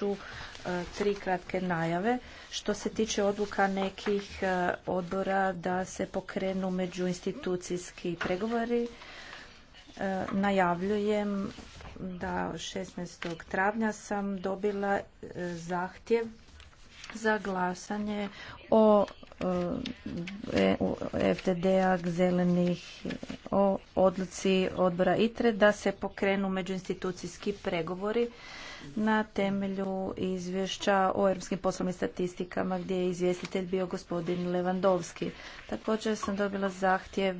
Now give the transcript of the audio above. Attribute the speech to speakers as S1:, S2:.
S1: ću e, tri kratke najave. Što se tiče odluka nekih e, odbora da se pokrenu međuinstitucijski pregovori, e, najavljujem da 16. travnja sam dobila zahtjev za glasanje o FTD-a, zelenih o odluci odbora ITRE da se pokrenu međuinstitucijski pregovori na temelju izvješća o europskim poslovnim statistikama gdje je izvjestitelj bio gospodin
S2: Levandovski. Također sam dobila zahtjev